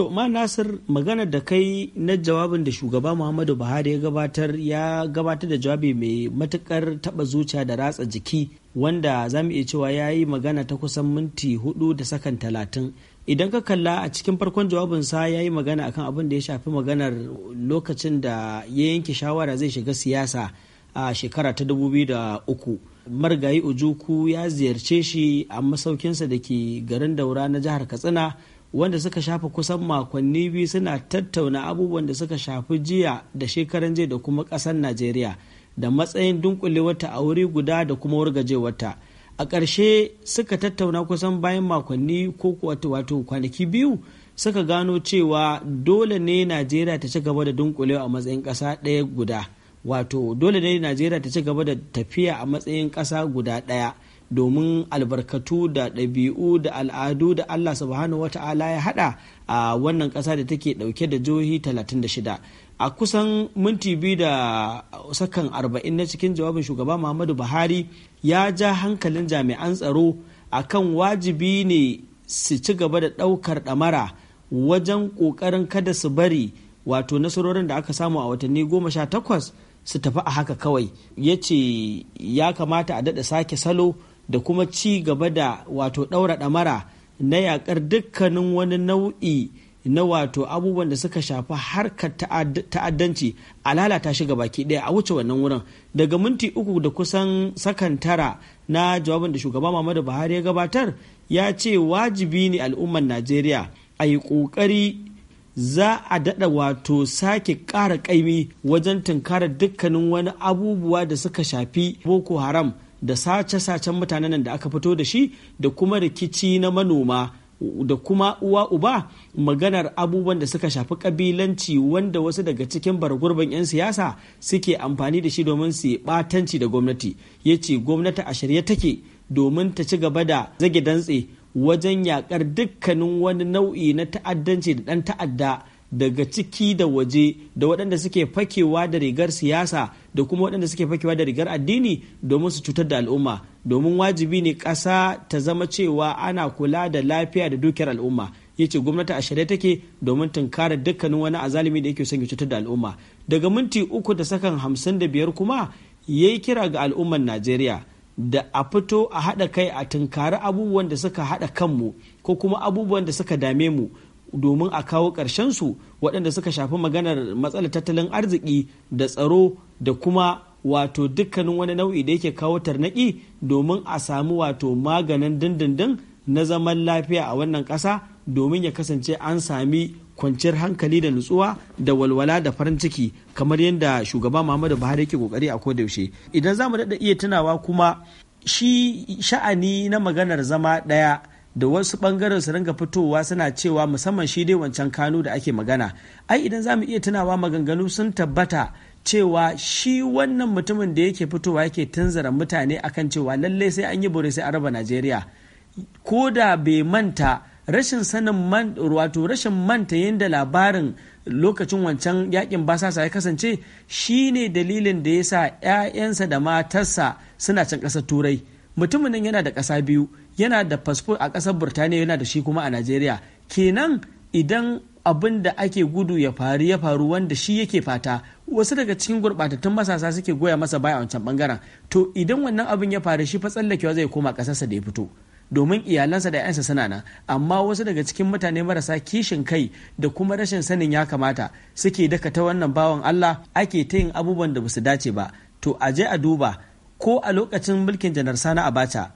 To, ma Nasir magana da kai na jawabin da shugaba Muhammadu Buhari ya gabatar ya gabatar da jawabi mai matukar taba zuciya da ratsa jiki wanda za iya cewa ya yi magana ta kusan minti hudu da sakan talatin. Idan ka kalla a cikin farkon jawabinsa ya yi magana akan abin da ya shafi maganar lokacin da ya yanke shawara zai shiga siyasa a shekara ta uku. margayi Ujuku ya ziyarce shi a masaukinsa da ke garin Daura na jihar Katsina. wanda suka shafi kusan makonni biyu suna tattauna abubuwan da suka shafi jiya da shekaran jiya da kuma ƙasar najeriya da matsayin dunkulewarta a wuri guda da kuma wargajewarta a ƙarshe suka tattauna kusan bayan makonni ko wato kwanaki biyu suka gano cewa dole ne najeriya ta ci gaba da dunkulewa a matsayin ƙasa ɗaya guda wato dole ne najeriya ta ci gaba da tafiya a matsayin ƙasa guda ɗaya domin albarkatu da ɗabi'u da al'adu da Allah subhanahu wata'ala ya haɗa a wannan ƙasa da take ɗauke da jihohi 36 a kusan minti biyu da sakan 40 na cikin jawabin shugaba Muhammadu Buhari ya ja hankalin jami'an tsaro akan wajibi ne su ci gaba da ɗaukar ɗamara wajen ƙoƙarin kada su bari wato nasarorin da aka samu a watanni goma sha takwas su tafi a haka kawai ya ce ya kamata a daɗa sake salo da kuma ci gaba da wato ɗaura ɗamara na yakar dukkanin wani nau'i na wato abubuwan da suka shafi harkar ta'addanci a lalata shi baki ɗaya a wuce wannan wurin daga minti uku da kusan sakan tara na jawabin da shugaba muhammadu buhari ya gabatar ya ce wajibi ne al'ummar najeriya a yi ƙoƙari za a daɗa wato sake ƙara ƙaimi wajen tunkarar dukkanin wani abubuwa da suka shafi boko haram da sace-sacen mutanen da aka fito da shi da kuma rikici na manoma da kuma uwa uba maganar abubuwan da suka shafi kabilanci wanda wasu daga cikin bargurban 'yan siyasa suke amfani da shi domin su batanci da gwamnati ya ce gwamnati a shirye take domin ta ci gaba da zage dantse wajen yakar dukkanin wani nau'i na ta'addanci da ɗan ta'adda daga ciki da waje da waɗanda suke fakewa da rigar siyasa da kuma waɗanda suke fakewa da rigar addini domin su cutar da al'umma domin wajibi ne ƙasa ta zama cewa ana kula da lafiya da dukiyar al'umma ya ce gwamnati a shirye take domin tunkara dukkanin wani azalimi da yake son ya cutar da al'umma daga minti uku da sakan hamsin da biyar kuma ya yi kira ga al'ummar najeriya da a fito a haɗa kai a tunkari abubuwan da suka haɗa kanmu ko kuma abubuwan da suka dame mu domin a kawo su waɗanda suka shafi maganar matsalar tattalin arziki da tsaro da kuma wato dukkanin wani nau'i da yake kawo tarnaki domin a samu wato maganin dindindin na zaman lafiya a wannan ƙasa domin ya kasance an sami kwanciyar hankali da nutsuwa da walwala da farin ciki kamar yadda shugaba muhammadu buhari yake kokari a kodayaushe idan zamu mu daɗa iya tunawa kuma shi sha'ani na maganar zama ɗaya da wasu bangaren su ringa fitowa suna cewa musamman shi dai wancan kano da ake magana ai idan zamu iya tunawa maganganu sun tabbata cewa shi wannan mutumin da yake fitowa yake tunzara mutane akan cewa lallai sai an yi bore sai araba najeriya ko da bai manta rashin sanin man wato rashin manta yadda labarin lokacin wancan yakin basasa ya kasance shine dalilin da yasa sa 'ya'yansa da matarsa suna can ƙasar turai mutumin nan yana da ƙasa biyu yana da fasfo a ƙasar burtaniya yana da shi kuma a najeriya kenan idan abin da ake gudu ya faru ya faru wanda shi yake fata wasu daga cikin gurɓatattun masasa suke goya masa baya a wancan bangaren to idan wannan abin ya faru shi fa tsallakewa zai koma ƙasarsa da ya fito domin iyalansa da 'yansa suna nan amma wasu daga cikin mutane marasa kishin kai da kuma rashin sanin ya kamata suke daka ta wannan bawan Allah ake ta yin abubuwan da basu dace ba to a je a duba ko a lokacin mulkin janar sani abacha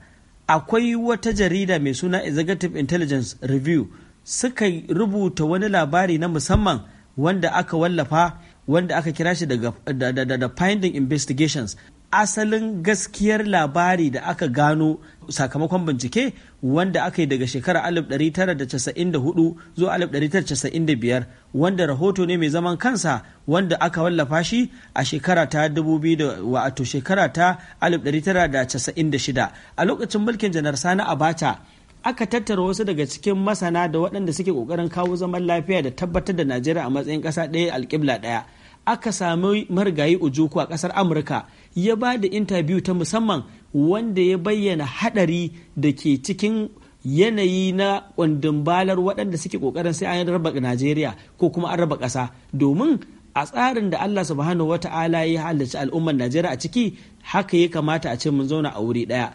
akwai wata jarida mai suna executive intelligence review suka rubuta wani labari na musamman wanda aka wallafa wanda aka kira shi da, da finding investigations asalin gaskiyar labari da aka gano sakamakon bincike wanda aka yi daga shekara 1994 zuwa 1995 wanda rahoto ne mai zaman kansa wanda aka wallafa shi a shekara ta 2000 wato shekara ta 1996 a lokacin mulkin janar sani abacha aka tattara wasu daga cikin masana da waɗanda suke ƙoƙarin kawo zaman lafiya da tabbatar da najeriya a matsayin ƙasa ɗaya alƙibla ɗaya aka sami marigayi Ojoku a kasar Amurka ya ba da intabiyu ta musamman wanda ya bayyana haɗari da ke cikin yanayi na balar waɗanda suke ƙoƙarin sai an raba Najeriya ko kuma an raba ƙasa domin a tsarin da Allah subhanahu wata'ala ya halarci al'ummar Najeriya a ciki haka ya kamata a ce mun zauna a wuri ɗaya.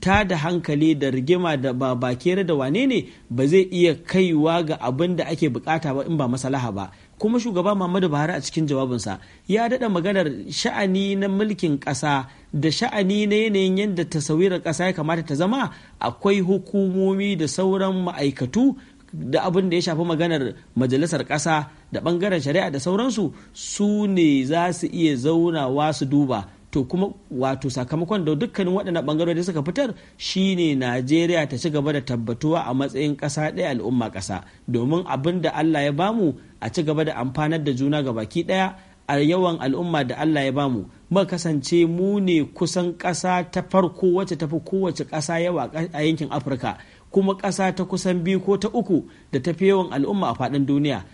ta da hankali da rigima da ba bakere da wane ne ba zai iya kaiwa ga abin da ake bukata ba in ba masalaha ba kuma shugaba Muhammadu Buhari a cikin jawabinsa ya daɗa maganar sha'ani na mulkin ƙasa da sha'ani na yanayin yadda tasawirar ƙasa ya kamata ta zama akwai hukumomi da sauran ma'aikatu da abin da ya shafi maganar majalisar ƙasa da ɓangaren shari'a da sauransu su ne za su iya zaunawa su duba to kuma wato sakamakon da dukkanin waɗannan da suka fitar shine najeriya ta ci gaba da tabbatuwa a matsayin ƙasa ɗaya al'umma ƙasa domin abin da allah ya bamu a ci gaba da amfanar da juna ga baki ɗaya a yawan al'umma da allah ya bamu mu kasance mu ne kusan ƙasa ta farko wacce ta fi kowace ƙasa yawa a yankin afirka kuma ƙasa ta kusan biyu ko ta uku da ta fi yawan al'umma a faɗin duniya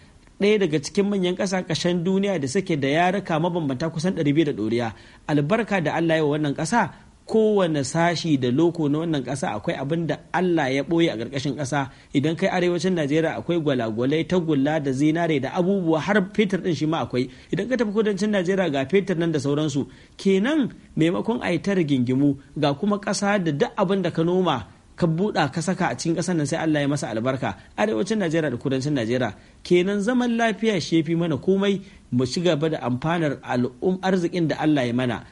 ɗaya daga cikin manyan ƙasashen duniya da suke da yaruka mabambanta kusan 200 da ɗoriya albarka da allah ya wannan ƙasa kowane sashi da loko na wannan ƙasa akwai abin da allah ya ɓoye a ƙarƙashin ƙasa idan kai arewacin najeriya akwai gwalagwalai gulla da zinare da abubuwa har fetur ɗin shi ma akwai idan ka tafi kudancin najeriya ga fetur nan da sauransu kenan maimakon a yi ta rigingimu ga kuma ƙasa da duk abin da ka noma ka buɗa ka saka a cikin ƙasar nan sai Allah ya masa albarka arewacin Najeriya da kudancin Najeriya kenan zaman lafiya shi fi mana komai mu ci gaba da amfanar al'um arzikin da Allah ya mana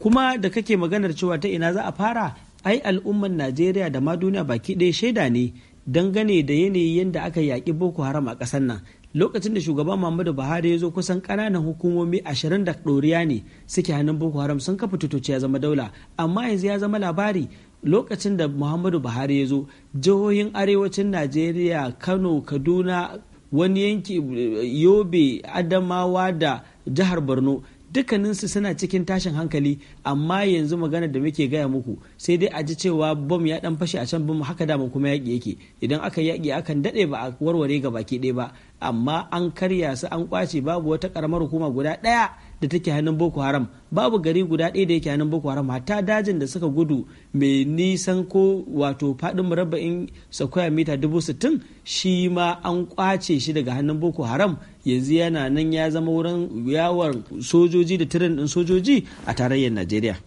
kuma da kake maganar cewa ta ina za a fara ai al'umman Najeriya da ma duniya baki ɗaya shaida ne dangane da yanayi yadda aka yaki Boko Haram a ƙasar nan lokacin da shugaban Muhammadu Buhari ya zo kusan ƙananan hukumomi ashirin da ɗoriya ne suke hannun Boko Haram sun kafa tutoci ya zama daula amma yanzu ya zama labari lokacin da muhammadu buhari ya zo jihohin arewacin najeriya kano kaduna wani yanki yobe adamawa da jihar borno dukkaninsu suna cikin tashin hankali amma yanzu magana da muke gaya muku sai dai a ji cewa bom ya dan fashe a can bom haka daman kuma yaƙi yake idan aka yaƙi akan daɗe ba a warware ga baki ɗaya ba amma an karya su an kwace babu wata karamar hukuma guda ɗaya da take hannun boko haram babu gari guda ɗaya da yake hannun boko haram hatta dajin da suka gudu mai nisan ko wato faɗin murabba'in sakwaya mita dubu sittin shi ma an kwace shi daga hannun boko haram yanzu yana nan ya zama wurin yawon sojoji da tirin ɗin sojoji a tarayyar najeriya